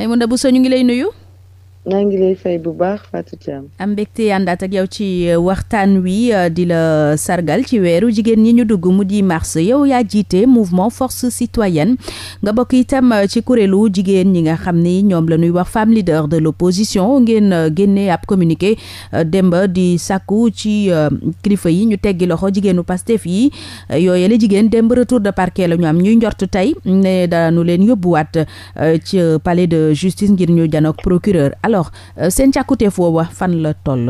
Maimouna Bousso ñu ngi lay nuyu maa ngi lay fay bu baax Fatou Thiam. am mbégte àndaat ak yow ci euh, waxtaan wi euh, di la sargal ci weeru jigéen ñi ñu dugg mu di mars yow yaa jiite mouvement force citoyenne nga bokk yi itam euh, ci kuréelu jigéen ñi nga xam ni ñoom la ñuy wax femme leader de l'opposition ngeen génne ab communiqué demba di sàkku ci kilifa yi ñu teggi loxo jigéenu Pastef yi yooye la jigéen demb retour de parquet la ñu am ñuy njort tey ne daanu leen yóbbuwaat ci palais de justice ngir ñu janook procureur alors alors euh, seen càkkuteef woowa fan la toll.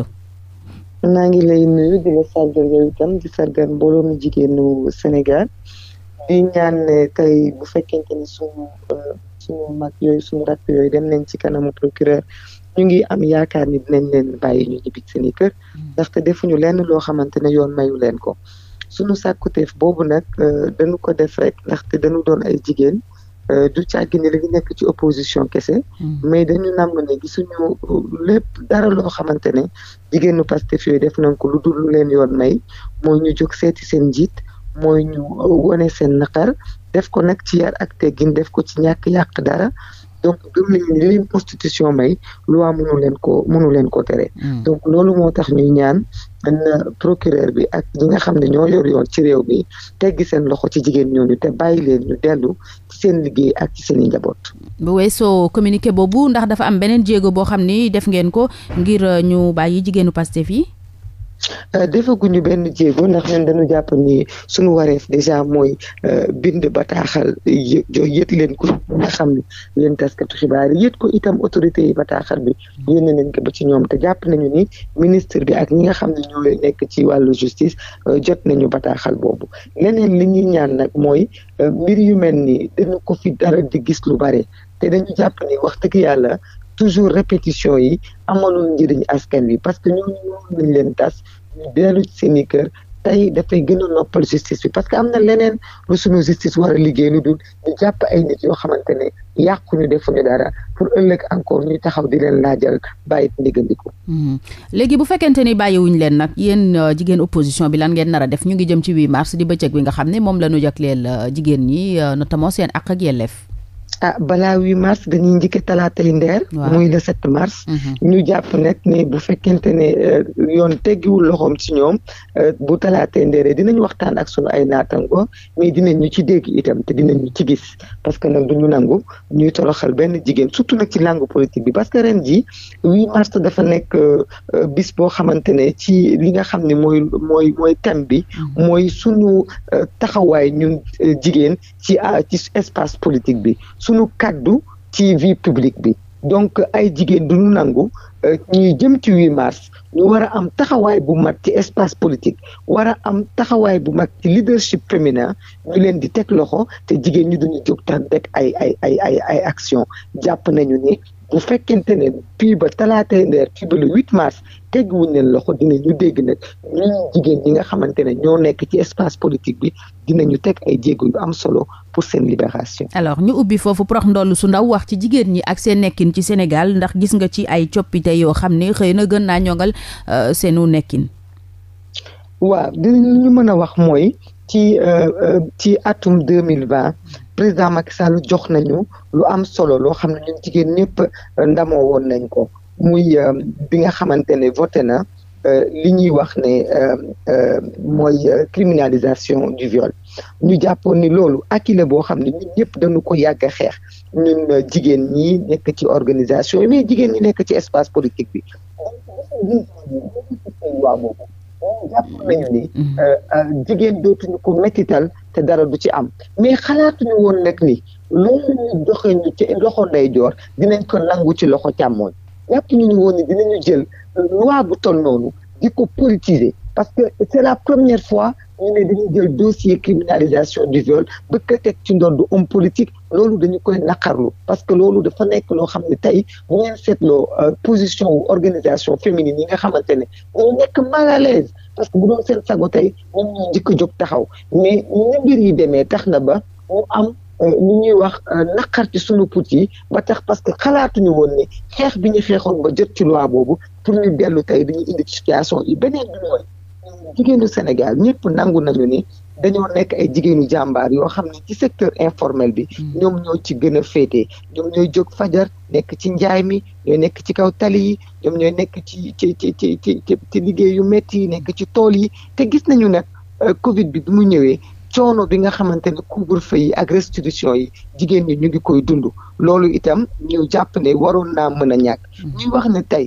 maa ngi lay nuyu di la sargal yow itam di sargal mbooloo jigéenu Sénégal di ñaan ne euh, tey bu fekkente ni suñu euh, suñu mag yooyu suñu rakk yooyu dem nañ ci kanamu procureur ñu ngi am yaakaar ni dinañ leen bàyyi ñu ñibbi seen kër hmm. ndaxte defuñu lenn loo xamante ne yoon mayu leen ko sunu sàkkuteef boobu nag dañu ko def rek ndaxte dañu doon ay jigéen Euh, du càggine li nekk ci opposition kese hmm. mais dañu namm ne gisuñu lépp dara loo xamante ne jigéenu Pastef yooyu def nañ ko lu dul lu leen yoon may mooy ñu jóg seeti seen njiit mooy ñu wone seen naqar def ko nag ci yar ak teggin def ko ci ñàkk yàq dara donc gëm nañu ni leen constitution may loi mënu leen ko mënu leen ko tere hmm. donc loolu moo tax ñuy ñaan dana procureur bi ak ñi nga xam ne ñoo yor yoon ci réew mi teggi seen loxo ci jigéen ñooñu te bàyyi leen ñu dellu ci seen liggéey ak ci seen i njaboot. bu weesoo communiqué boobu ndax dafa am beneen jéego boo xam ni def ngeen ko ngir euh, ñu bàyyi jigéenu Pastef fii Euh, ñu benn jéego ndax ñun dañu jàpp ni suñu wareef déjà mooy euh, bind bataaxal jo yët leen ko nga xam ne leen taskatu xibaar yi ko itam autorité yi bataaxal bi yónnee leen ko ba ci ñoom te jàpp nañu ni ministre bi ak ñi nga xam ne ñoo nekk ci wàllu justice euh, jot nañu bataaxal boobu leneen li ñuy ñaan nag mooy mbir yu mel ni dañu ko fi dara di gis lu bare te dañu jàpp ni wax dëgg yàlla toujours répétition yi amalul njëriñ askan wi parce que ñooñu ñoo leen tas ñu dellu seen i kër tey dafay gën a noppal justice bi parce que am na leneen lu suñu justice war a liggéey lu dul ñu jàpp ay nit yoo xamante yàqu yàquñu defuñu dara pour ëllëg encore ñu taxaw di leen laajal bàyyi ndiggandiku hmm. léegi bu fekkente ni bàyyiwuñ leen nag yéen euh, jigéen opposition bi lan ngeen nar def ñu ngi jëm ci wii mars di bëccëg bi nga xam ne moom la ñu jagleel euh, jigéen ñi euh, notamment seen àq ak yelleef ah balaa 8 mars dañuy njëkk a talaatay ndeer. muy le 7 mars. Mhm. ñu jàpp nag ni bu fekkente ne euh, yoon teggiwul loxoom ci ñoom euh, bu talaatay ndeeree dinañ waxtaan ak sunu ay naatango mais dinañ ñu ci dégg itam te dinañ ñu ci gis parce que nag du ñu nangu ñuy toroxal benn jigéen surtout nag ci langue politique bi parce que ren jii 8 mars dafa nekk euh, bis boo xamante ne ci li nga xam ne mooy mooy mooy thème bi. Mhm. mooy sunu taxawaay ñun jigéen ci ci espace politique bi. suñu kàddu ci vie bi donc ay jigéen du ñu nangu Euh, ñuy jëm ci 8 mars ñu war a am taxawaay bu mag ci espace politique war a am taxawaay bu mag ci leadership féminin ñu leen di teg loxo te jigéen ñi duñu jóg tan rek ay ay ay ay ay action jàpp nañu ni bu fekkente ne fii ba talaatay ndeer fii ba le 8 mars leen loxo dinañu dégg nag ñun nga xamante ne ñoo nekk ci espace politique bi dinañu teg ay jéego yu am solo pour seen libération. alors ñu ubbi foofu prox ndollu su ndaw wax ci jigéen ñi ak seen nekkin ci Sénégal ndax gis nga ci ay coppi activité yoo xam ni xëy na gën naa ñoŋal euh, seenu nekkin. waaw di ñu mën a wax mooy ci euh, euh, ci atum deux mille vingt président Macky Sall jox nañu lu am solo loo xam ne jigéen ñëpp ndamoo woon nañ ko muy bi nga xamante ne voté na li ñuy wax ne mooy criminalisation du viol ñu jàppoon ni loolu acquis la boo xam ne ñun ñëpp dañu ko yàgg xeex. ñun euh, jigéen ñi nekk ci organisation yi mais jigéen ñi nekk ci espace politique bi jàpp nañu ni euh, euh, jigéen dootuñu ko mettital te dara du ci am mais xalaatuñu woon nag ni loolu ñu joxe ñu ci loxo ndeyjoor dinañ ko nangu ci loxo càmmooñ jàpp ñu woon ni dinañu jël loi bu toll noonu di ko politiser parce que c'est la première fois ñu ne dañuy jël dossier criminalisation du viol bëgg a teg ci ndoddu homme politique loolu dañu koy naqarlu parce que loolu dafa nekk loo xam ne tey bu ngeen seetloo euh, position wu organisation féminine yi nga xamante ne ñoo nekk mal parce que bu doon seen sago tey moom ñoo njëkk a jóg taxaw mais ni mbir yi demee tax na ba mu am ni euh, ñuy wax euh, naqar ci sunu put yi ba tax parce que xalaatuñu woon ne xeex bi ñu xeexoon ba jot ci loi boobu pour ñu dellu tey dañuy indi ci situation yi beneen jigéenu Sénégal ñëpp nangu nañu ni dañoo nekk ay jigéenu jàmbaar yoo xam ne ci secteur informel bi hmm. ñoom ñoo ci gën a féetee ñoom ñooy jóg fajar nekk ci njaay mi ñooy nekk ci kaw tali yi ñoom ñooy nekk ci ci ci ci ci ci liggéey yu métti yi nekk ci tool yi te gis nañu nag euh, Covid bi bi mu ñëwee coono bi nga xamante ne couvre-feu yi ak restitution yi jigéen ñi ñu ngi koy dund loolu itam ñëw jàpp ne waroon naa mën a ñàkk hmm. ñuy wax ne tey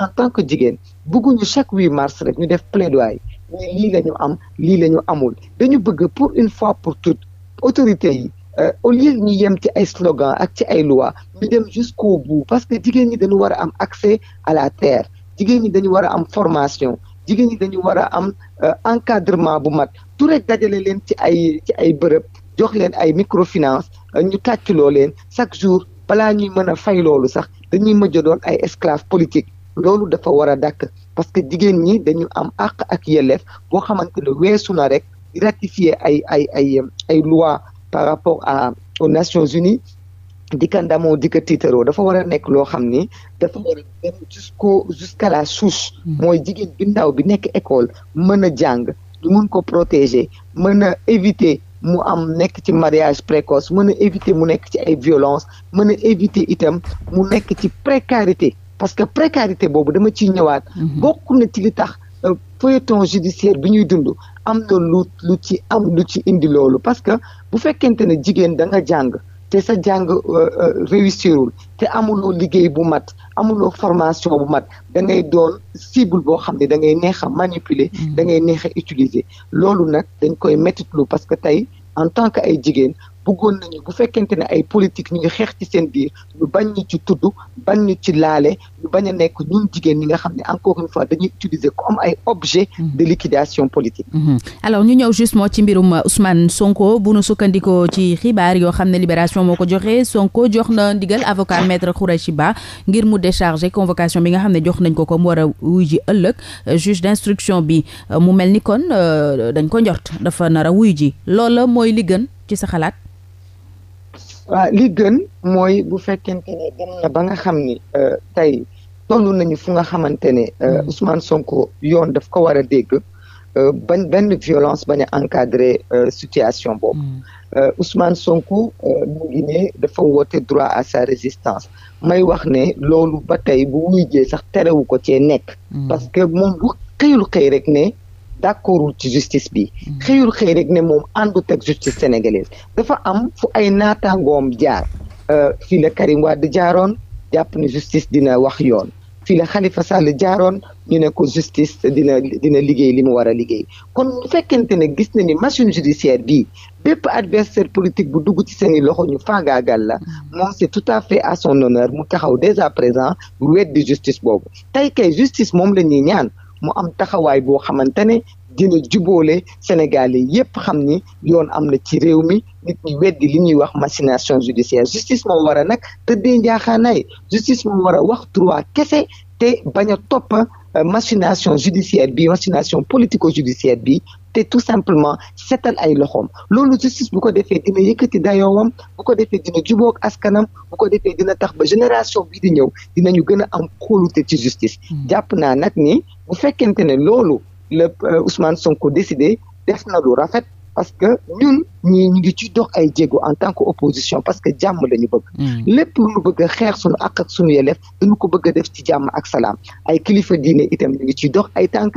en tant que jigéen bëgguñu chaque huit mars rek ñu def plaidoyer mais lii la am lii lañu amul dañu bëgg pour une fois pour toutes autorités yi euh, au lieu ñu yem ci ay slogan ak ci ay loi ñu dem jusqu'au bout parce que jigéen ñi dañu war a am accès à la terre jigéen ñi dañu war a am formation jigéen ñi dañu war a am euh, encadrement bu mat tout rek dajale leen ci ay ci ay bërëb jox leen ay microfinance euh, ñu tàccloo leen chaque jour balaa ñuy mën a fay loolu sax dañuy mujj doon ay esclave politique loolu dafa war a dàkk parce que jigéen ñi dañu am àq ak yelleef boo xamante ne weesu na rek di ay ay ay ay loi par rapport à aux Nations Unies di ka ndamoo di tiitaroo dafa war a nekk loo xam ni dafa war a dem la souche mm. mooy jigéen bi ndaw bi nekk école mën a jàng ñu mën ko protéger mën a éviter mu am nekk ci mariage précoce mën a éviter mu nekk ci ay violence mën a éviter itam mu nekk ci précarité parce que précarité boobu dama ciy ñëwaat. Mhm. bokk na ci li tax euh, feuilleton judiciaire bi ñuy dund am na lu lu ci am lu ci indi loolu parce que bu fekkente ne jigéen da nga jàng te sa jàng euh, euh, réussirul te amuloo liggéey bu mat amuloo formation bu mat da ngay doon cible boo xam ne da ngay neex a manipuler. Mhm. da ngay neex a utiliser loolu nag dañ koy métitlu parce que tey en tant que ay jigéen bëggoon nañu bu fekkente ne ay politique ñu ngi xeex ci seen biir ñu bañ ñu ci tudd bañ ñu ci laale ñu bañ a nekk ñun jigéen ñi nga xam ne encore une fois dañuy utiliser comme ay objet mhm. de liquidation politique. Mhm. alors ñu ñëw justement ci mbirum Ousmane Sonko bu nu sukkandikoo ci xibaar yoo xam ne Libération moo ko joxee Sonko jox na ndigal avocat maître Khouraïchi Ba ngir mu décharger convocation bi nga xam ne jox nañ ko ko mu war wuy ji ëllëg juge d'instruction bi mu mel ni kon euh, dañ ko njort dafa nar a wuy ji ci sa xalaat. waaw li gën mooy bu fekkente ne na ba nga xam ni euh, tey toll nañu fu nga xamante ne euh, hmm. Ousmane Sonko yoon daf ko war a dégg euh, bañ benn violence bañ a encadrer situation boobu hmm. Ousmane Sonko mu ngi ne dafa woote droit à sa résistance may wax ne loolu ba tey bu wuyjee sax terewu ko cee nekk hmm. parce que moom bu xëyul xëy rek ne d'accordul ci justice bi xëyul xëy rek ne moom àndut ak justice sénégalaise dafa am fu ay naataangoom jaar euh, fii la Karim de jaaroon jàpp ne justice dina wax yoon fii la Khalifa Sall jaaroon ñu ne ko justice dina dina liggéey li mu war a liggéey kon bu fekkente ne gis na ni machine judiciaire bii bépp adversaire politique bu dugg ci seen i loxo ñu faagaagal la mm. moom c'est tout à fait à son honneur mu taxaw dès à présent weddi justice boobu tey kay justice moom la ñuy ñaan mu am taxawaay boo xamante ne dina juboole Sénégalais yépp xam ni yoon am na ci réew mi nit ñi weddi li ñuy wax machination judiciaire justice moo war a nag tëddee njaaxaanaay justice moo war a wax droit kese te bañ a topp Euh, machination judiciaire bi machination politico judiciaire bi te tout simplement setal ay loxoom loolu justice bu ko defee dina yëkkati dayoowam bu ko defee dina jubóog askanam bu ko defee dina tax ba génération bi di ñëw dinañu gën a am kóolute ci justice. Hmm. jàpp naa nag ni bu fekkente ne loolu la euh, Ousmane Sonko décidé def lu rafet. parce que ñun ñii ñu ngi ci dox ay jéego en tant que opposition parce que jàmm lañu bëgg. Hmm. lépp lu ñu bëgg xeex suñu ak ak suñu yelleef dañu ko bëgg a def ci jàmm ak salaam ay kilifa diine itam ñu ngi ciy dox ay tànk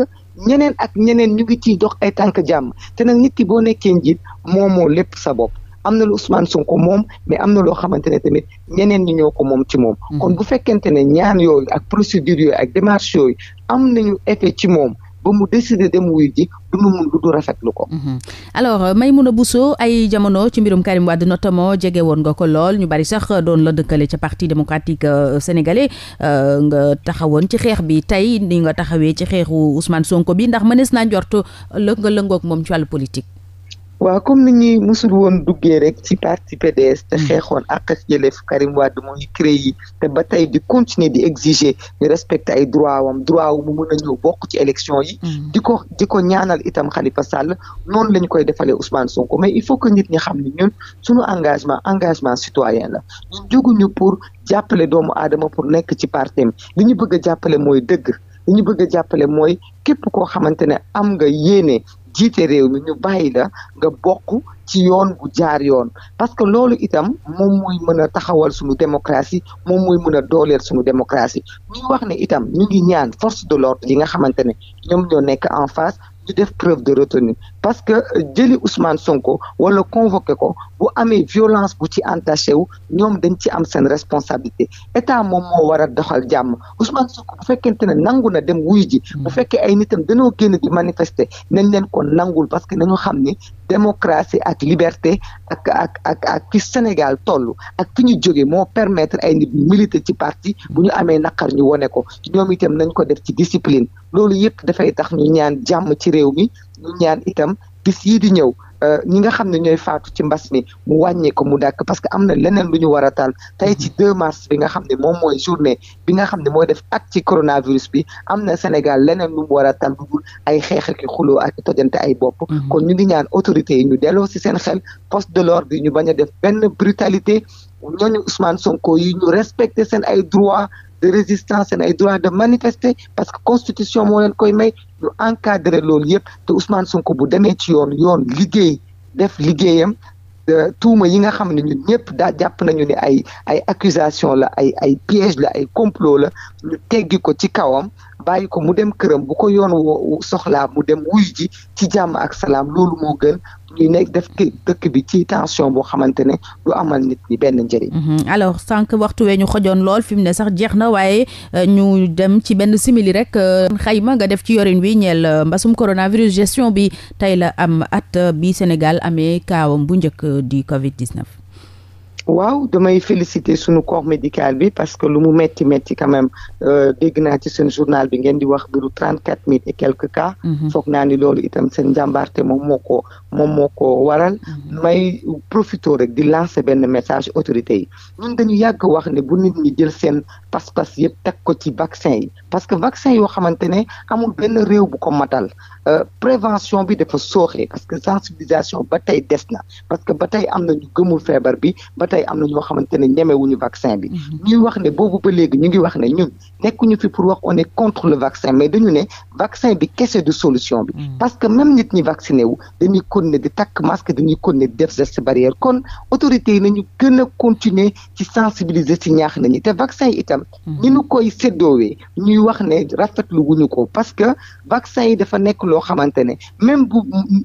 ñeneen ak ñeneen ñu ngi ciy dox ay tànk jàmm te nag nit ki boo nekkee njiit moomoo lépp sa bopp. am na lu Ousmane Sonko moom mais am na loo xamante ne tamit ñeneen ñi ñoo ko moom ci moom. Hmm. kon bu fekkente ne ñaan yooyu ak procédure yooyu ak démarche yooyu am nañu effet ci moom ba mu décider dem wuyu ji du nu mun lu du rafetlu ko. Mhm. alors Maimouna Bousso ay jamono ci mbirum Karim Wade notamment jege woon nga ko lool ñu bari sax doon la dëkkale ca parti démocratique euh, sénégalais euh, nga taxawoon ci xeex bi tey ni nga taxawee ci xeexu Ousmane Sonko bi ndax mënees naa njort nga lëngoog moom ci wàllu politique. waaw comme ni ñuy musul woon duggee rek ci parti PDS te mm. xeexoon ak ak yëleef Karim Wade mooy créé yi te ba tey di continuer di exiger ñu respecter ay droit wam droit wu mu mën bokk ci élection yi mm. di ko di ko ñaanal itam Khalifa Sall noonu la koy defalee Ousmane Sonko mais il faut que nit ñi xam ne ñun suñu engagement engagement citoyen la ñun jóguñu pour jàppale doomu aadama pour nekk ci parti mi li ñu bëgg a jàppale mooy dëgg li ñu bëgg a jàppale mooy képp koo xamante ne am nga yéene jiite réew mi ñu bàyyi la nga bokk ci yoon bu jaar yoon parce que loolu itam moom muy mën a taxawal suñu démocratie moom muy mën a dooleel suñu démocratie ñu wax ne itam ñu ngi ñaan force de l'ordre yi nga xamante ne ñoom ñoo nekk en face ñu def preuve de retenue parce que euh, jëli Ousmane Sonko wala convoqué ko bu amee violence bu ci entaché wu ñoom dañ ci am seen responsabilité état moom moo war a doxal jàmm Ousmane Sonko bu fekkente ne nangu na dem wuy ji bu hmm. fekkee ay nitam dañoo génn di manifester nañ leen ko nangul parce que nañu xam ni démocratie ak liberté ak ak ak ak fi Sénégal toll ak fi ñu jóge moo permettre ay nit ñu militer ci parti bu ñu amee naqar ñu wone ko ñoom itam nañ ko def ci discipline loolu yëpp dafay tax ñu ñaan jàmm ci réew mi ñu ñaan itam bis yii di ñëw Euh, ñi nga xam ne ñooy faatu ci mbas mi mu wàññi ko mu dàkk parce que am na leneen lu ñu war a taal tey ci 2 mars bi nga xam ne moom mooy journée bi nga xam ne mooy def ak ci coronavirus bi am na Sénégal leneen lu mu war a taal dugul ay xeex ak xuloo ak tojante ay bopp mhm. kon ñu ngi ñaan autorités yi ñu delloo si seen xel poste de l'ordre yi ñu bañ a def benn brutalité ñooñu Ousmane Sonko yi ñu respecté seen ay droit de résistance seen ay droit de manifester parce que constitution moo leen koy may ñu encadrer loolu yëpp te Ousmane Sonko bu demee ci yoon yoon liggéey def liggéeyam euh, tuuma yi nga xam ne ñun ñëpp daa jàpp nañu ne ay ay accusation la ay ay piège la ay complot la ñu teggi ko ci kawam bàyyi ko mu dem këram bu ko yoon woo soxlaa mu dem wuy ji ci jàmm ak salaam loolu moo gën ñuy nekk def dëkk bi ci tension boo xamante ne du amal nit ñi benn njëriñ. Mhm. alors sànq waxtu wee ñu xojoon lool fi mu ne sax jeex na waaye euh, ñu dem ci benn simili rek euh, xayma nga def ci yorin wi ñeel euh, mbasum coronavirus gestion bi tey la am at bi Sénégal amee kaawam bu njëkk di Covid 19. waaw damay féliciter suñu corps médical bi parce que lu mu metti metti quand même euh, dégg naa ci seen journal bi ngeen di wax biru trente quatre mille et quelques cas mhm. foog naa ni loolu itam seen jàmbaarte moom moo ko moom moo ko waral mhm. may profito rek di lancé benn message autorité yi ñun dañu yàgg wax ne bu nit ñi jël seen pas-pas yëpp teg ko ci vaccin yi parce que vaccin yoo xamante ne amul benn réew bu ko matal euh, prévention bi dafa sooxee parce que sensibilisation ba tey des na parce que ba tey am na gëmul feebar bi tey am na ñoo xamante ne ñemewuñu vaccin bi mhm. ñuy wax ne boobu ba léegi ñu ngi wax ne ñun nekkuñu fi pour wax on est contre le vaccin mais dañu ne vaccin bi kese du solution bi mhm. parce que même nit ñi vacciné wu dañuy continuer di takk masque dañuy continuer di def geste barrière kon autorités yi nañu gën a continuer ci sensibiliser ci ñaax nañu te vaccin yi itam ñi mhm. nu koy séddoowee ñuy wax ne rafetlu ko parce que vaccin yi dafa nekk loo xamante ne même bu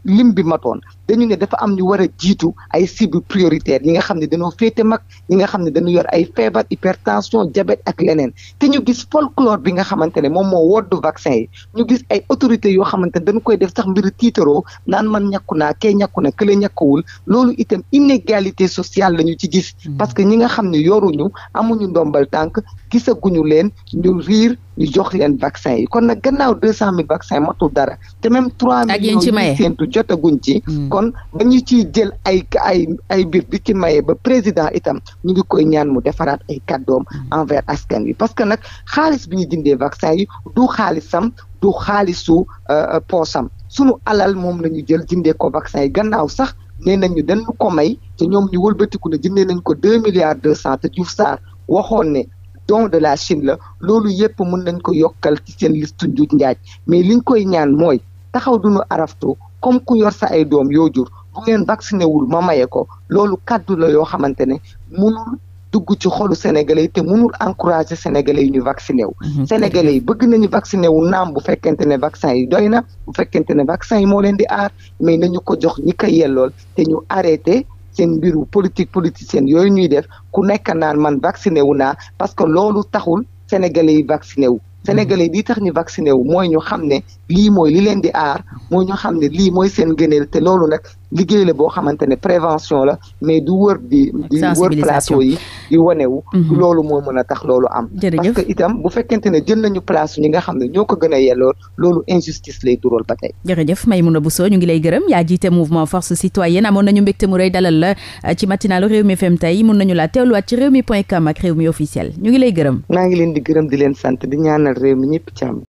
lim bi matoon dañu ne dafa am ñu war jiitu ay cibles prioritaires yi nga xam ne dañoo féete mag ñi nga xam ne dañu yor ay feebar hypertension diabète ak leneen te ñu gis folklore bi nga xamante ne moom moo woddu vaccin yi ñu gis ay autorités yoo xamante ne dañu koy def sax mbiri tiitaroo naan man ñàkku naa kee ñàkku na kële ñàkkuwul loolu itam inégalité sociale la ñu ci gis mm-hmm. parce que ñi nga xam ne yoruñu amuñu ndombal tànk gisaguñu leen ñu riir ñu jox leen vaccin yi kon nag gannaaw deux cent mille vaccin matul dara te même trois millions yi séentu jotaguñ ci hmm. kon ba ñu ciy jël ay ay ay mbir di ci maye ba président itam ñu ngi koy ñaan mu defaraat ay kàddoom hmm. envers askan wi parce que nag xaalis bi ñu jëndee vaccin yi du xaalisam du xaalisu euh, euh, poosam sunu alal moom la ñu jël jëndee ko vaccin yi gannaaw sax nee nañu dañu ko may te ñoom ñu wëlbatiku ne jëndee nañ ko deux milliards deux cent te Diouf Sarr waxoon ne don de la Chine la loolu yëpp mën nañ ko yokkal ci seen liste njuuj njaaj mais liñ koy ñaan mooy taxaw du duñu araftu comme ku yor sa ay doom yoo jur bu ngeen vacciné wul ma maye ko loolu kaddu la yoo xamante ne mënul dugg ci xolu sénégalais yi te mënul encourager sénégalais yi ñu vacciné wu mhm. sénégalais yi bëgg nañu vacciné wu naam bu fekkente ne vaccin yi doy na bu fekkente ne vaccin yi moo leen di aar mais nañu ko jox ñi koy yellool te ñu arrêté seen mbiru politique politicienne yooyu ñuy def ku nekk naan man vacciné wu naa parce que loolu taxul sénégalais yi vacciné wu mhm. sénégalais yi tax ñu vacciné wu mooy ñu xam ne lii mooy li leen di aar mooy ñu xam ne lii mooy seen gëneel te loolu nag liggéey la boo xamante ne prévention la mais du wër di di wër plateau yi di wanewu mhm. loolu moo mën a tax loolu am parce que itam bu fekkente ne jël nañu place ñi nga xam ne ñoo ko gën a yellool loolu injustice lay dural ba tey jërëjëf Maïmouna Bousso ñu ngi lay gërëm yaa jiite mouvement force citoyenne amoon nañu mbégte mu rëy dalal la euh, ci matinalu réew mi FM tey mun nañu laa teewluwaat ci réew mi point com ak réew mi officiel ñu ngi lay gërëm maa ngi leen di gërëm di leen sant di ñaanal réew